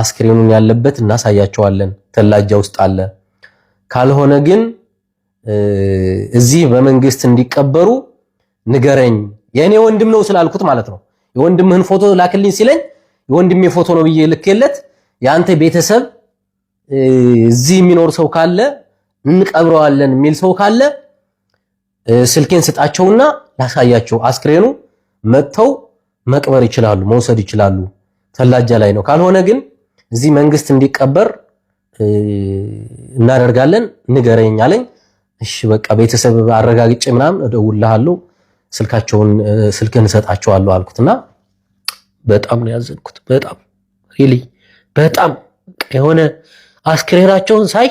አስክሬኑን ያለበት እናሳያቸዋለን። ተላጃ ውስጥ አለ። ካልሆነ ግን እዚህ በመንግስት እንዲቀበሩ ንገረኝ። የእኔ ወንድም ነው ስላልኩት ማለት ነው። የወንድምህን ፎቶ ላክልኝ ሲለኝ የወንድሜ ፎቶ ነው ብዬ ልከለት የአንተ ቤተሰብ እዚህ የሚኖር ሰው ካለ እንቀብረዋለን የሚል ሰው ካለ ስልኬን ስጣቸውና ላሳያቸው። አስክሬኑ መጥተው መቅበር ይችላሉ፣ መውሰድ ይችላሉ። ተላጃ ላይ ነው። ካልሆነ ግን እዚህ መንግስት እንዲቀበር እናደርጋለን ንገረኝ አለኝ። እሺ በቃ ቤተሰብ አረጋግጬ ምናምን እደውልልሃለሁ ስልካቸውን ስልክህን እሰጣቸዋለሁ አልኩትና በጣም ነው ያዘንኩት። በጣም ሪሊ በጣም የሆነ አስክሬናቸውን ሳይ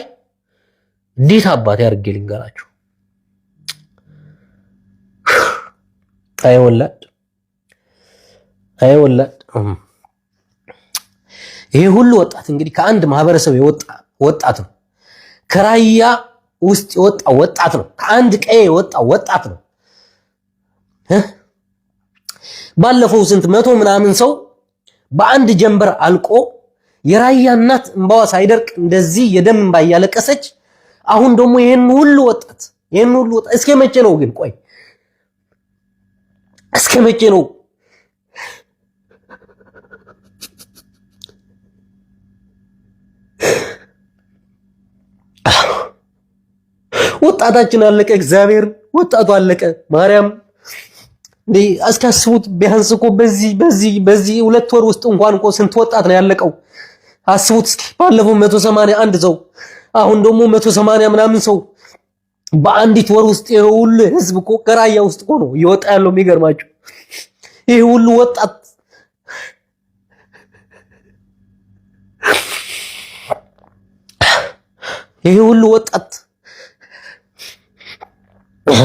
እንዴት አባቴ አድርጌ ልንገራቸው። አይ ወላድ አይ ወላድ ይሄ ሁሉ ወጣት እንግዲህ ከአንድ ማህበረሰብ የወጣ ወጣት ነው። ከራያ ውስጥ የወጣ ወጣት ነው። ከአንድ ቀዬ የወጣ ወጣት ነው። ባለፈው ስንት መቶ ምናምን ሰው በአንድ ጀንበር አልቆ የራያ እናት እንባዋ ሳይደርቅ እንደዚህ የደም እንባ እያለቀሰች አሁን ደግሞ ይሄን ሁሉ ወጣት ይሄን ሁሉ ወጣት እስከ መቼ ነው ግን? ቆይ እስከ መቼ ነው ወጣታችን አለቀ። እግዚአብሔር ወጣቱ አለቀ። ማርያም እንዴ አስካስቡት ቢያንስ እኮ በዚህ በዚህ በዚህ ሁለት ወር ውስጥ እንኳን እኮ ስንት ወጣት ነው ያለቀው? አስቡት እስኪ ባለፈው መቶ አንድ ሰው አሁን ደግሞ መቶ ምናምን ሰው በአንዲት ወር ውስጥ ይሄ ሁሉ ህዝብ እኮ ከራያ ውስጥ እኮ ነው ይወጣ ያለው። የሚገርማችሁ ይሄ ሁሉ ወጣት ይሄ ሁሉ ወጣት ለዛውም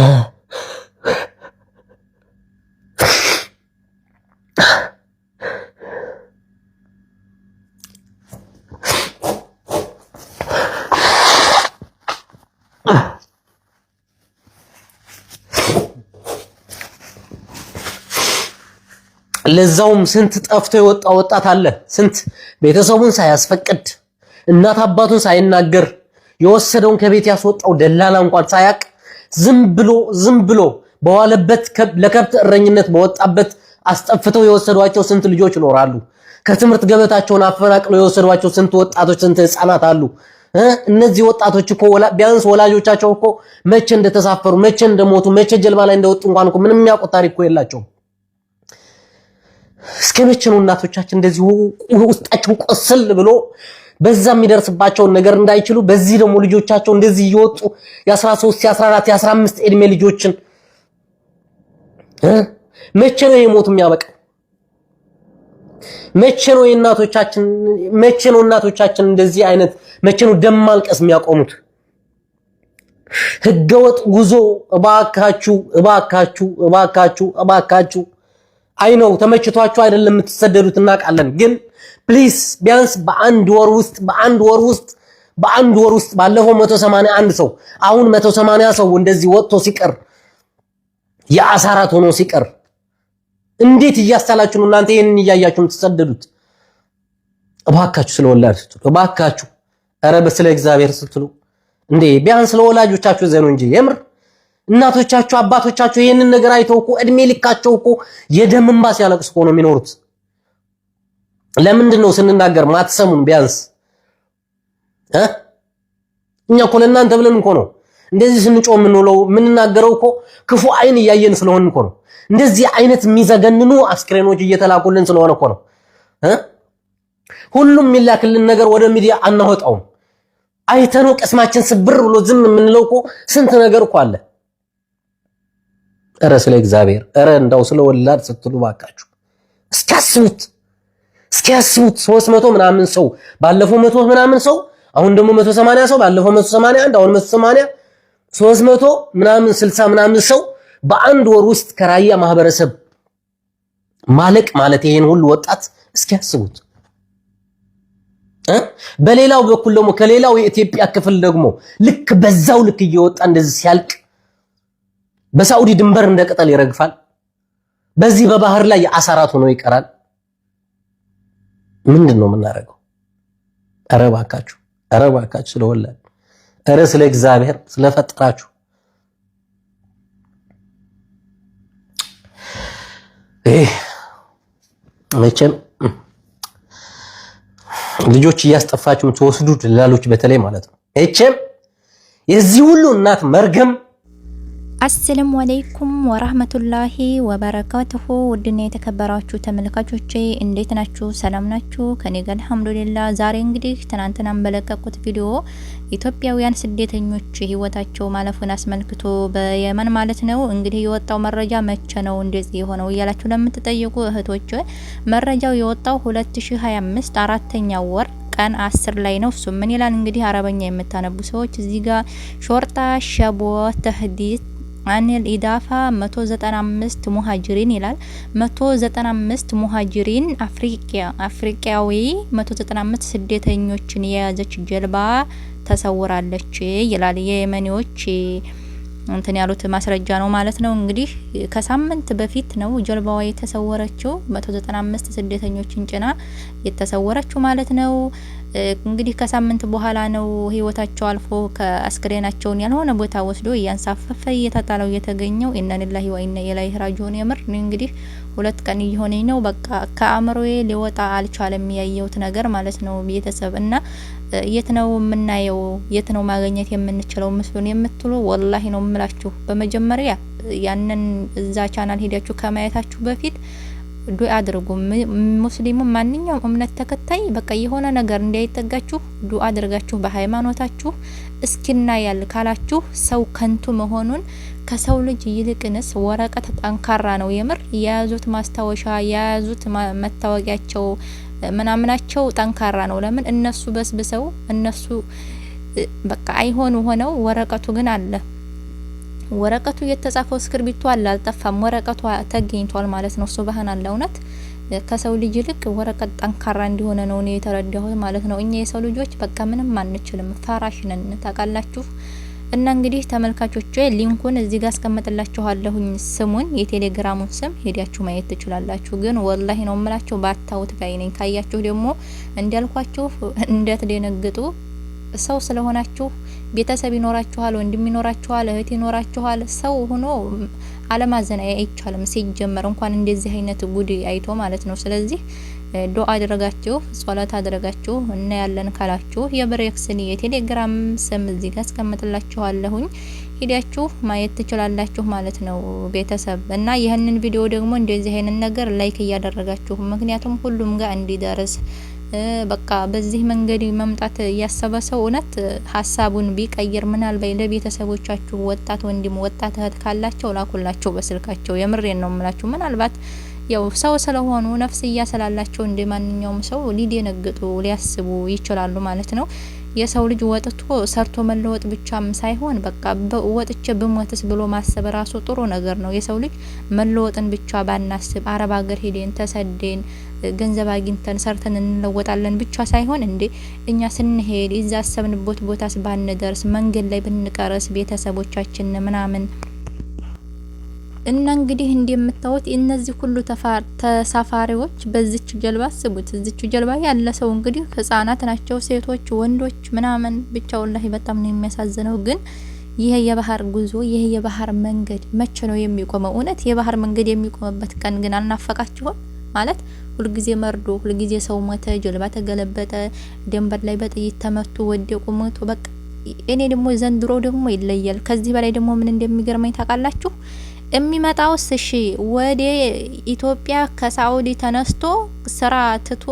ስንት ጠፍቶ የወጣ ወጣት አለ። ስንት ቤተሰቡን ሳያስፈቅድ እናት አባቱን ሳይናገር የወሰደውን ከቤት ያስወጣው ደላላ እንኳን ሳያቅ ዝም ብሎ ዝም ብሎ በዋለበት ለከብት እረኝነት በወጣበት አስጠፍተው የወሰዷቸው ስንት ልጆች ይኖራሉ። ከትምህርት ገበታቸውን አፈናቅለው የወሰዷቸው ስንት ወጣቶች፣ ስንት ህፃናት አሉ። እነዚህ ወጣቶች እኮ ቢያንስ ወላጆቻቸው እኮ መቼ እንደተሳፈሩ፣ መቼ እንደሞቱ፣ መቼ ጀልባ ላይ እንደወጡ እንኳን እኮ ምንም የሚያውቁት ታሪክ እኮ የላቸውም። እስከ መቼ ነው እናቶቻችን እንደዚህ ውስጣቸው ቆስል ብሎ በዛ የሚደርስባቸውን ነገር እንዳይችሉ በዚህ ደግሞ ልጆቻቸው እንደዚህ እየወጡ የ13 የ14 የ15 እድሜ ልጆችን መቼ ነው የሞት የሚያበቃ? መቼ ነው እናቶቻችን መቼ ነው እናቶቻችን እንደዚህ አይነት መቼ ነው ደም ማልቀስ የሚያቆሙት? ህገወጥ ጉዞ እባካችሁ እባካችሁ እባካችሁ እባካችሁ። አይ ነው ተመችቷችሁ አይደለም የምትሰደዱት እናውቃለን ግን ፕሊስ ቢያንስ በአንድ ወር ውስጥ በአንድ ወር ውስጥ በአንድ ወር ውስጥ ባለፈው 181 ሰው አሁን 180 ሰው እንደዚህ ወጥቶ ሲቀር የአሳራት ሆኖ ሲቀር እንዴት እያሳላችሁ ነው እናንተ ይሄንን እያያችሁ የምትሰደዱት? እባካችሁ ስለ ስትሉ እባካችሁ ኧረ በስለ እግዚአብሔር ስትሉ እንዴ ቢያንስ ለወላጆቻችሁ ዘኑ እንጂ የምር እናቶቻችሁ አባቶቻችሁ ይሄንን ነገር አይተው እኮ እድሜ ልካቸው እኮ የደም እንባ ሲያለቅስ እኮ ነው የሚኖሩት። ለምንድን ነው ስንናገር ማትሰሙን? ቢያንስ እኛ እኮ ለእናንተ ብለን እኮ ነው እንደዚህ ስንጮ የምንውለው። የምንናገረው እኮ ክፉ አይን እያየን ስለሆን እኮ ነው። እንደዚህ አይነት የሚዘገንኑ አስክሬኖች እየተላኩልን ስለሆነ እኮ ነው። ሁሉም የሚላክልን ነገር ወደ ሚዲያ አናወጣውም። አይተነው ቅስማችን ስብር ብሎ ዝም የምንለው እኮ ስንት ነገር እኮ አለ። እረ ስለ እግዚአብሔር፣ እረ እንዳው ስለ ወላድ ስትሉ ባካችሁ እስኪ እስኪያስቡት 300 ምናምን ሰው ባለፈው መቶ ምናምን ሰው አሁን ደግሞ 180 ሰው ባለፈው 181 አሁን 180 300 ምናምን 60 ምናምን ሰው በአንድ ወር ውስጥ ከራያ ማህበረሰብ ማለቅ ማለት ይሄን ሁሉ ወጣት እስኪያስቡት። በሌላው በኩል ደግሞ ከሌላው የኢትዮጵያ ክፍል ደግሞ ልክ በዛው ልክ እየወጣ እንደዚህ ሲያልቅ በሳውዲ ድንበር እንደ ቅጠል ይረግፋል። በዚህ በባህር ላይ አሳራት ሆኖ ይቀራል። ምንድን ነው የምናደርገው? ኧረ እባካችሁ፣ ኧረ እባካችሁ ስለወላድ፣ ኧረ ስለ እግዚአብሔር ስለፈጠራችሁ መቼም ልጆች እያስጠፋችሁ የምትወስዱት ላሎች በተለይ ማለት ነው መቼም የዚህ ሁሉ እናት መርገም አሰላሙ አለይኩም ወራህመቱላሂ ወበረካቱሁ ውድና የተከበራችሁ ተመልካቾቼ እንዴት ናችሁ? ሰላም ናችሁ? ከኔ ጋር አልሐምዱሊላህ። ዛሬ እንግዲህ ትናንትናም በለቀቁት ቪዲዮ ኢትዮጵያውያን ስደተኞች ህይወታቸው ማለፉን አስመልክቶ በየመን ማለት ነው እንግዲህ የወጣው መረጃ መቼ ነው እንደዚህ የሆነው እያላችሁ ለምትጠይቁ እህቶች መረጃው የወጣው 2025 አራተኛ ወር ቀን አስር ላይ ነው። እሱ ምን ይላል እንግዲህ አረበኛ የምታነቡ ሰዎች እዚህ ጋር ሾርጣ ሸቦ ተህዲት አኒል ኢዳፋ 195 ሙሃጅሪን ይላል። 195 ሙሃጅሪን አፍሪካዊ 195 ስደተኞችን የያዘች ጀልባ ተሰውራለች ይላል። የየመኔዎች እንትን ያሉት ማስረጃ ነው ማለት ነው። እንግዲህ ከሳምንት በፊት ነው ጀልባዋ የተሰወረችው 195 ስደተኞችን ጭና የተሰወረችው ማለት ነው። እንግዲህ ከሳምንት በኋላ ነው ህይወታቸው አልፎ ከአስክሬናቸውን ያልሆነ ቦታ ወስዶ እያንሳፈፈ እየተጣለው እየተገኘው ኢና ወኢነ ኢለይሂ ራጂዑን። የምር እንግዲህ ሁለት ቀን እየሆነኝ ነው በቃ ከአእምሮዬ ሊወጣ አልቻለም ያየሁት ነገር ማለት ነው። ቤተሰብ እና የት ነው የምናየው? የት ነው ማግኘት የምንችለው ምስሉን የምትሉ ወላሂ ነው የምላችሁ በመጀመሪያ ያንን እዛ ቻናል ሄዳችሁ ከማየታችሁ በፊት ዱአ አድርጉ። ሙስሊሙ ማንኛውም እምነት ተከታይ በቃ የሆነ ነገር እንዳይጠጋችሁ ዱአ አድርጋችሁ በሃይማኖታችሁ እስኪና ያል ካላችሁ ሰው ከንቱ መሆኑን ከሰው ልጅ ይልቅንስ ወረቀት ጠንካራ ነው። የምር የያዙት ማስታወሻ የያዙት መታወቂያቸው ምናምናቸው ጠንካራ ነው። ለምን እነሱ በስብሰው እነሱ በቃ አይሆኑ ሆነው ወረቀቱ ግን አለ ወረቀቱ የተጻፈው እስክርቢቶ አላልጠፋም፣ ወረቀቱ ተገኝቷል ማለት ነው። ሱብሃን እውነት ከሰው ልጅ ይልቅ ወረቀት ጠንካራ እንዲሆነ ነው እኔ የተረዳሁት ማለት ነው። እኛ የሰው ልጆች በቃ ምንም አንችልም፣ ፈራሽ ነን ታውቃላችሁ። እና እንግዲህ ተመልካቾች ሊንኩን እዚህ ጋር አስቀምጥላችኋለሁኝ ስሙን የቴሌግራሙን ስም ሄዳችሁ ማየት ትችላላችሁ። ግን ወላሂ ነው እምላችሁ ባታውት ባይ ነኝ። ካያችሁ ደግሞ እንዳልኳችሁ እንደት ደነግጡ ሰው ስለሆናችሁ ቤተሰብ ይኖራችኋል፣ ወንድም ይኖራችኋል፣ እህት ይኖራችኋል። ሰው ሆኖ አለማዘን አይቻልም። ሲጀመር እንኳን እንደዚህ አይነት ጉድ አይቶ ማለት ነው። ስለዚህ ዶ አድረጋችሁ ጸሎት አድረጋችሁ እና ያለን ካላችሁ የብሬክስን የቴሌግራም ስም እዚህ ጋር አስቀምጥላችኋለሁኝ ሂዳችሁ ማየት ትችላላችሁ ማለት ነው ቤተሰብ እና ይህንን ቪዲዮ ደግሞ እንደዚህ አይነት ነገር ላይክ እያደረጋችሁ ምክንያቱም ሁሉም ጋር እንዲደርስ በቃ በዚህ መንገድ መምጣት ያሰበ ሰው እውነት ሀሳቡን ቢቀይር ምናልባት ለቤተሰቦቻችሁ ወጣት ወንድም ወጣት እህት ካላቸው ላኩላቸው በስልካቸው። የምሬን ነው የምላችሁ። ምናልባት ያው ሰው ስለሆኑ ነፍስያ ስላላቸው እንደ ማንኛውም ሰው ሊደነግጡ ሊያስቡ ይችላሉ ማለት ነው። የሰው ልጅ ወጥቶ ሰርቶ መለወጥ ብቻም ሳይሆን በቃ ወጥቼ ብሞትስ ብሎ ማሰብ ራሱ ጥሩ ነገር ነው። የሰው ልጅ መለወጥን ብቻ ባናስብ አረብ ሀገር ሄደን ተሰደን ገንዘብ አግኝተን ሰርተን እንለወጣለን ብቻ ሳይሆን እንዴ እኛ ስንሄድ ይዛ አሰብንበት ቦታስ ባንደርስ መንገድ ላይ ብንቀርስ ቤተሰቦቻችን ምናምን እና እንግዲህ እንደምታዩት እነዚህ ሁሉ ተሳፋሪዎች በዚች ጀልባ አስቡት። እዚች ጀልባ ያለ ሰው እንግዲህ ህጻናት ናቸው፣ ሴቶች፣ ወንዶች ምናምን ብቻ ወላሂ በጣም ነው የሚያሳዝነው። ግን ይሄ የባህር ጉዞ ይሄ የባህር መንገድ መቼ ነው የሚቆመው? እውነት የባህር መንገድ የሚቆምበት ቀን ግን አልናፈቃችሁም? ማለት ሁልጊዜ መርዶ፣ ሁልጊዜ ሰው ሞተ፣ ጀልባ ተገለበጠ፣ ደንበር ላይ በጥይት ተመቱ፣ ወደቁ፣ ሞቱ። በቃ እኔ ደግሞ ዘንድሮ ደግሞ ይለያል። ከዚህ በላይ ደግሞ ምን እንደሚገርመኝ ታውቃላችሁ? የሚመጣውስ እሺ ወደ ኢትዮጵያ ከሳዑዲ ተነስቶ ስራ ትቶ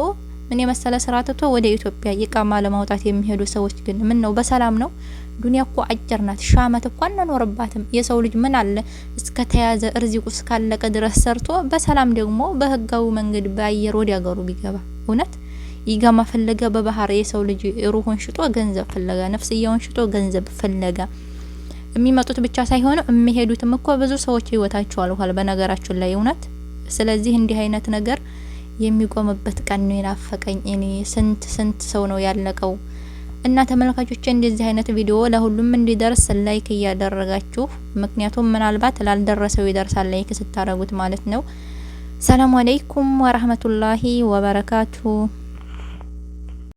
ምን የመሰለ ስራ ትቶ ወደ ኢትዮጵያ ይቃማ ለማውጣት የሚሄዱ ሰዎች ግን ምን ነው በሰላም ነው? ዱንያ እኮ አጭር ናት። ሺህ ዓመት እኮ አናኖርባትም። የሰው ልጅ ምን አለ እስከ ተያዘ እርዚቁ እስካለቀ ድረስ ሰርቶ በሰላም ደግሞ በህጋዊ መንገድ በአየር ወደ ሀገሩ ቢገባ እውነት ይገማ ፈለገ በባህር የሰው ልጅ ሩሁን ሽጦ ገንዘብ ፍለጋ፣ ነፍስያውን ሽጦ ገንዘብ ፈለጋ። የሚመጡት ብቻ ሳይሆኑ የሚሄዱትም እኮ ብዙ ሰዎች ህይወታቸው አልፏል በነገራችን ላይ እውነት። ስለዚህ እንዲህ አይነት ነገር የሚቆምበት ቀን ነው የናፈቀኝ እኔ። ስንት ስንት ሰው ነው ያለቀው። እና ተመልካቾች እንደዚህ አይነት ቪዲዮ ለሁሉም እንዲደርስ ላይክ እያደረጋችሁ፣ ምክንያቱም ምናልባት ላልደረሰው ይደርሳል ላይክ ስታረጉት ማለት ነው። ሰላም አለይኩም ወራህመቱላሂ ወበረካቱ